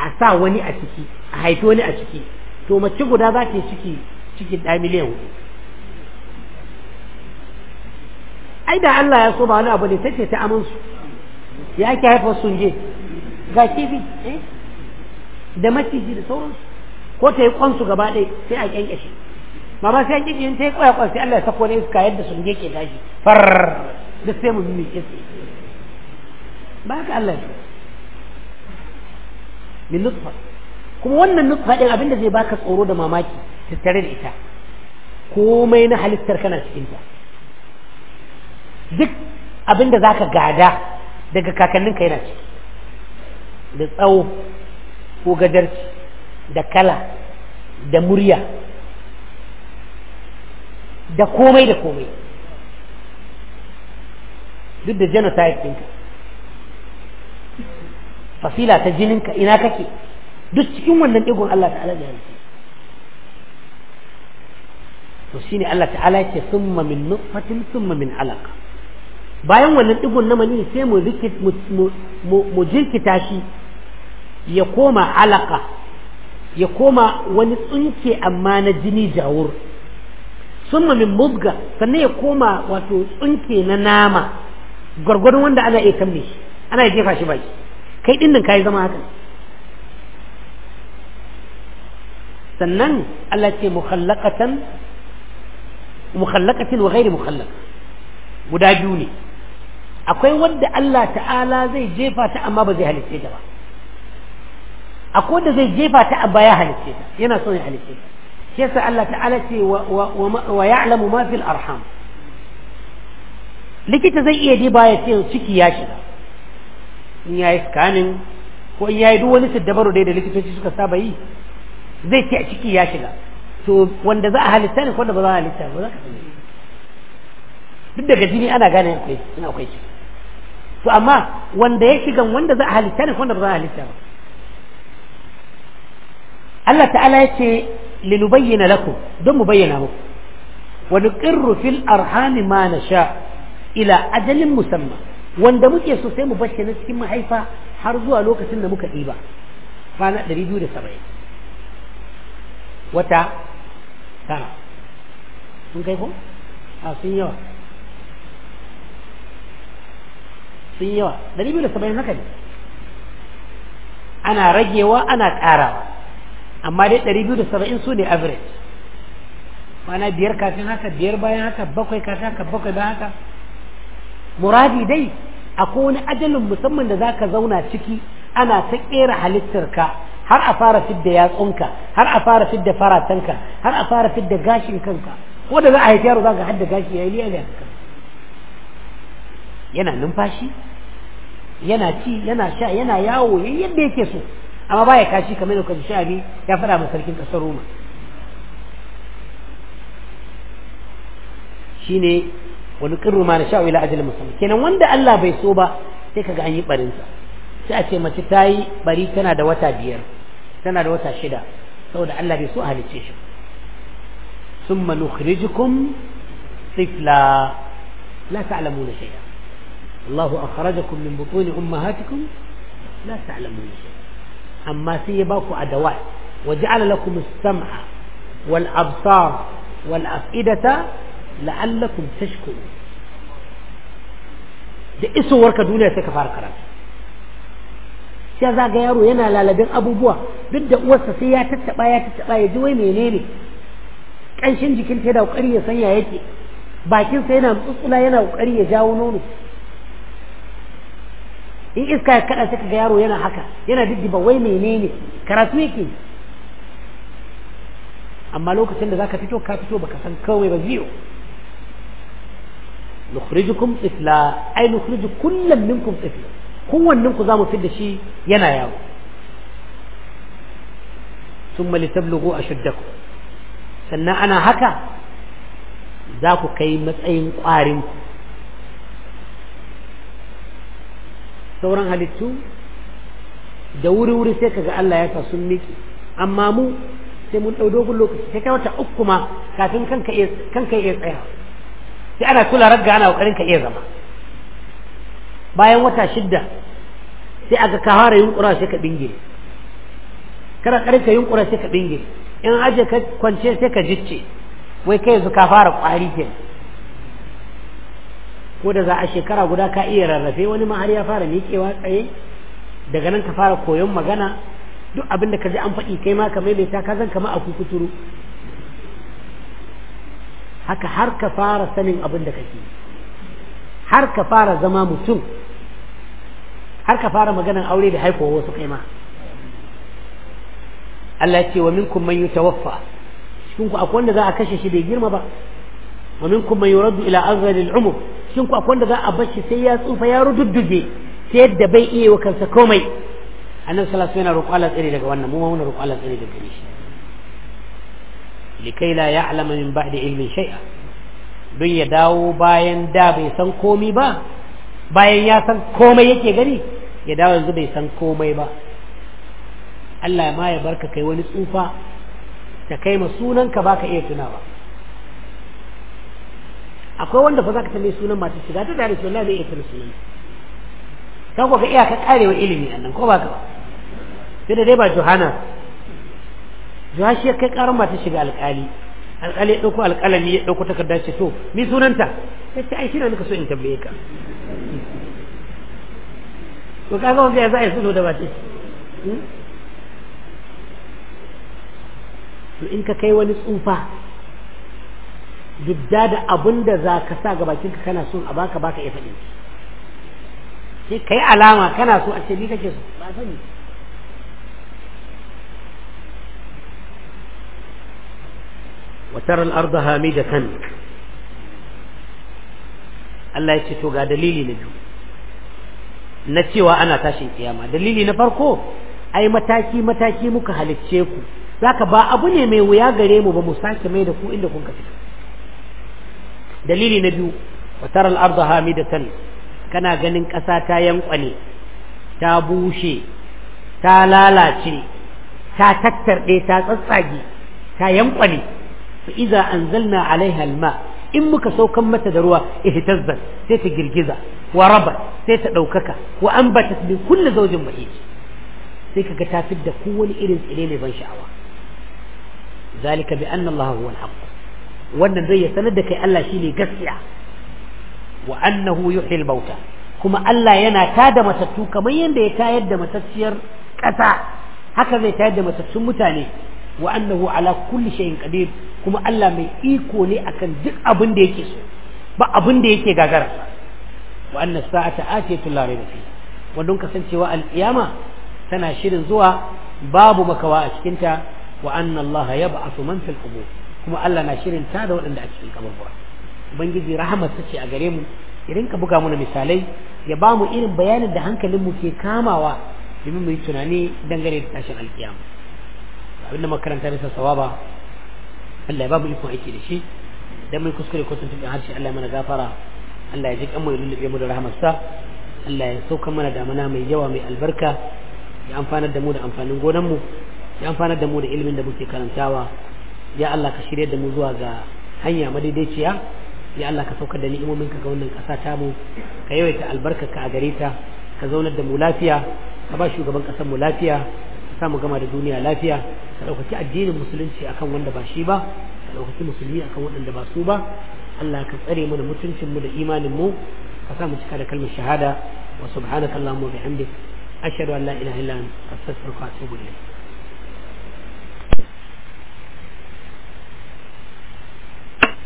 a sa wani a ciki a haifi wani a ciki to mace guda za ta yi ciki cikin ɗaya miliyan hudu ai da Allah ya so ba wani abu ne sai ta amin su ya ake haifar sun je ga kifi eh? da maciji da sauransu ko ta yi kwansu gaba ɗai sai a kyankyashe ba ba sai kyankyashe ta yi kwaya kwan sai Allah ya sako ne iska yadda sun je ke tashi far da sai mu mimi kisi ba ka Allah ya min nutfa kuma wannan nutfa ɗin abinda zai baka tsoro da mamaki tattare da ita komai na halittar kana cikin ta duk abin da ka gada daga kakanninka yana ci da tsawo ko gadarci da kala da murya da komai da komai duk da genocide ɗinka fasila ta jininka ina kake duk cikin wannan ɗigon Allah ta'ala da yanzu to shine Allah ta'ala yake summa min nutfatin summa min alaqa bayan wannan digon na mani sai mu mu jirkita shi ya koma alaka ya koma wani tsunke amma na jini jawur summa min mubga sannan ya koma wato tsunke na nama gwargwadon wanda ana iya kamme shi ana iya jefa shi baki kai din nan kai zama haka sannan Allah ce mukhallaqatan mukhallaqatin wa ghairi mukhallaqa guda biyu ne akwai wanda Allah ta'ala zai jefa ta amma ba zai halice ta ba akwai wanda zai jefa ta amma ya halice ta yana son ya halice ta shi yasa Allah ta'ala ce wa ya'lamu ma fil arham likita zai iya diba ya ce ciki ya shiga in yayi scanning ko in yayi duk wani siddabaru da likitoci suka saba yi zai ce ciki ya shiga to wanda za a halitta ne ko wanda ba za a halitta ba za ka sani duk daga jini ana gane akwai akwai ciki to amma wanda ya shiga wanda za a halitta ne wanda ba za a halitta ba Allah ta'ala yace linubayyana lakum don mu bayyana muku Wani nuqirru fil arhami ma sha ila ajalin musamma wanda muke so sai mu bashe na cikin mahaifa har zuwa lokacin da muka ɗiba kwana 270 wata tara sun kai ko a sun yawa sun yawa dari biyu da saba'in haka ne ana ragewa ana ƙarawa amma dai dari biyu da saba'in su ne average mana biyar kafin haka biyar bayan haka bakwai kafin haka bakwai bayan haka muradi dai akwai wani ajalin musamman da za ka zauna ciki ana ta kera halittarka har a fara fidda yatsunka har a fara fidda faratanka har a fara fidda gashin kanka ko da za a haifi yaro za ka hadda gashi ya yi liya ga yana numfashi yana ci yana sha yana yawo yadda yake so amma baya kashi kamar da kaji sha'abi ya faɗa ma sarkin ƙasar Roma ne wani kirru na sha ila musamman kenan wanda Allah bai so ba sai kaga an yi barinsa sai a ce mace ta yi bari tana da wata biyar tana da wata shida saboda Allah bai so a halicce shi summa nukhrijukum tifla la na shaida. الله أخرجكم من بطون أمهاتكم لا تعلمون شيء أما سيباكم أدوات وجعل لكم السمع والأبصار والأفئدة لعلكم تشكرون da isowar ka duniya sai ka fara karatu sai za ga yaro yana lalabin abubuwa duk da uwarsa sai ya tattaɓa ya tattaɓa ya ji wai menene ƙanshin jikin ta da ƙari ya sanya yake bakin sa yana tsutsula yana ƙari ya jawo nono in iska ya kada sai kaga yaro yana haka yana diddiba wai menene karatu yake amma lokacin da zaka fito ka fito baka san kawai ba ziyo nukhrijukum tifla ay nukhriju kullam minkum tifla kowannen ku zamu fidda shi yana yawo thumma a ashuddakum sannan ana haka za ku kai matsayin ƙwarin sauran halittu da wuri-wuri sai kaga Allah ya sa sun miƙe amma mu sai mun ɗau dogon lokaci sai kai wata uku ma kafin kanka iya kanka iya tsaya sai ana kula ragga ana kokarin ka iya zama bayan wata shidda sai aga ka fara yunkura sai ka binge kana ƙarin ka yunƙura sai ka binge in aje ka kwance sai ka jicce wai kai yanzu ka fara ƙwari kenan ko da za a shekara guda ka iya rarrafe wani ma har ya fara miƙewa tsaye daga nan ka fara koyon magana duk abin da ka ji an faɗi kai ma ka maimaita ka zan kama a kukuturu haka har ka fara sanin abin da kake har ka fara zama mutum har ka fara maganan aure da haifowa wasu kai ma Allah ce wa minkum man yutawaffa cikin ku akwai wanda za a kashe shi bai girma ba wa minkum man yuraddu ila azali al-umr cikin kwakwan da za a bashi sai ya tsufa ya rududduje sai yadda bai iya wa kansa komai annan salatu yana roƙo Allah tsare daga wannan mu ma muna roƙo Allah tsare daga gare shi likai la ya'lama min ba'di ilmin shay'a don ya dawo bayan da bai san komai ba bayan ya san komai yake gani ya dawo yanzu bai san komai ba Allah ma ya barka kai wani tsufa ta kai ma sunanka baka iya tunawa akwai wanda fa za ka tambayi sunan masu shiga ta dare wallahi zai iya tare sunan ka ko ka iya ka karewa ilimi annan ko ba ka sai da dai ba Johanna Johanna shi kai karan mata shiga alƙali alƙali ya ɗauko alƙalami ya ɗauko takarda ce to ni sunanta ya ce ai shi na nika so in tambaye ka to ga wanda ya za a da ba ce hmm? to in ka kai wani tsufa didda da abin da za ka sa ga bakinka kana son a baka baka iya faɗi sai ka yi alama kana so a ce ni kake so ba sani وترى da هامدة Allah ya ce to ga dalili na biyu na cewa ana tashin kiyama dalili na farko ai mataki mataki muka halicce ku zaka ba abu ne mai wuya gare mu ba mu sake mai da ku inda kun ka fito dalili na biyu wa taral arda hamidatan kana ganin ƙasa ta yankwane ta bushe ta lalace ta tattarɗe ta tsatsage ta yankwane fa iza anzalna alaiha alma in muka saukan mata da ruwa ihtazzat sai ta girgiza wa raba sai ta ɗaukaka wa ambatat min kulli zawjin bahij sai kaga ta fidda kowane irin tsire mai ban sha'awa zalika bi anna allaha huwa al wannan zai ya sanar da kai Allah shine gaskiya wa annahu yuhyil mauta kuma Allah yana tada matattu kamar yadda ya tayar da matacciyar ƙasa haka zai tayar da matattun mutane wa annahu ala kulli shay'in qadir kuma Allah mai iko ne akan duk abin da yake so ba abin da yake gagara wa anna sa'ata atiyatu la rayba fi wannan kasancewa al'iyama tana shirin zuwa babu makawa a cikinta wa anna Allah yab'athu man fil qubur kuma Allah na shirin ta da waɗanda a cikin kaburbura ubangiji rahamar ta ce a gare mu ya rinka buga mana misalai ya ba mu irin bayanin da hankalin mu ke kamawa domin mu yi tunani dangane da tashin alkiyama abin da makaranta bisa sawaba Allah ya ba mu ikon aiki da shi dan mai kuskure ko tuntun harshe Allah mana gafara Allah ya ji kan mu ya lullube mu da rahamarsa Allah ya sauka mana damana mai yawa mai albarka ya amfanar da mu da amfanin gonan mu ya amfanar da mu da ilimin da muke karantawa ya Allah ka shirya da mu zuwa ga hanya madaidaiciya ya Allah ka saukar da ni'imomin ka ga wannan ƙasa ta mu ka yawaita albarka ka a gare ta ka zaunar da mu lafiya ka ba shugaban ƙasar mu lafiya ka sa mu gama da duniya lafiya ka ɗaukaki addinin musulunci akan wanda ba shi ba ka ɗaukaki musulmi akan waɗanda ba su ba Allah ka tsare mu da mutuncin mu da imanin mu ka sa mu cika da kalmar shahada wa subhanakallahumma wa bihamdik ashhadu an la ilaha illa anta astaghfiruka wa atubu ilayk